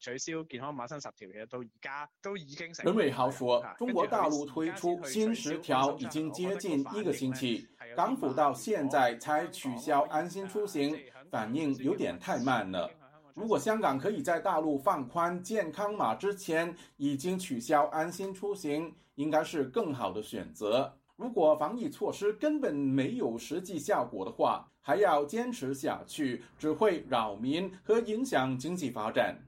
取消健康碼新十條到而家都已經本陳偉豪說，中國大陸推出新十條已經接近一個星期，港府到現在才取消安心出行，反應有點太慢了。如果香港可以在大陸放寬健康碼之前已經取消安心出行，應該是更好的選擇。如果防疫措施根本沒有實際效果的話，還要堅持下去，只會擾民和影響經濟發展。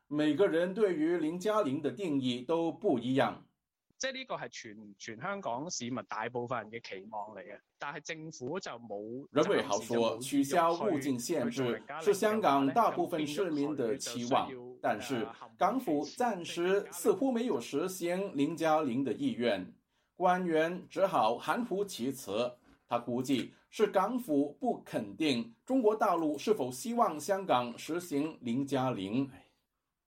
每個人對於零加零的定義都不一樣，即係呢個係全全香港市民大部分人嘅期望嚟嘅，但係政府就冇。任偉豪說，取消入境限制是香港大部分市民的期望，但是港府暫時似乎沒有實行零加零的意願，官員只好含糊其辭。他估計是，是，是港府不肯定中國大陸是否希望香港實行零加零。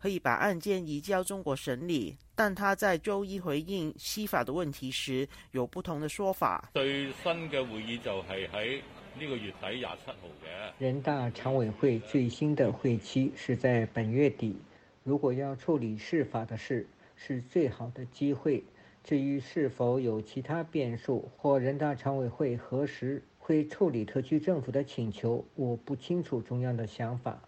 可以把案件移交中國審理，但他在周一回應釋法的問題時有不同的說法。最新嘅會議就係喺呢個月底廿七號嘅。人大常委會最新的會期是在本月底，如果要處理釋法的事，是最好的機會。至於是否有其他變數，或人大常委會何時會處理特區政府的請求，我不清楚中央的想法。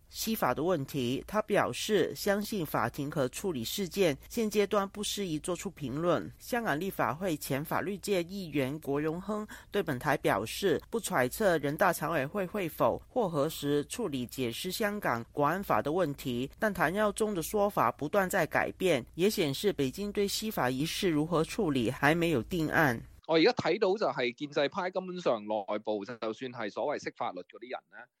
釋法的問題，他表示相信法庭可處理事件，現階段不適宜作出評論。香港立法會前法律界議員郭榮亨對本台表示，不揣測人大常委會會否或何時處理解釋香港國安法的問題，但譚耀宗的說法不斷在改變，也顯示北京對釋法一事如何處理還沒有定案。我而家睇到就係建制派根本上內部就算係所謂識法律嗰啲人咧。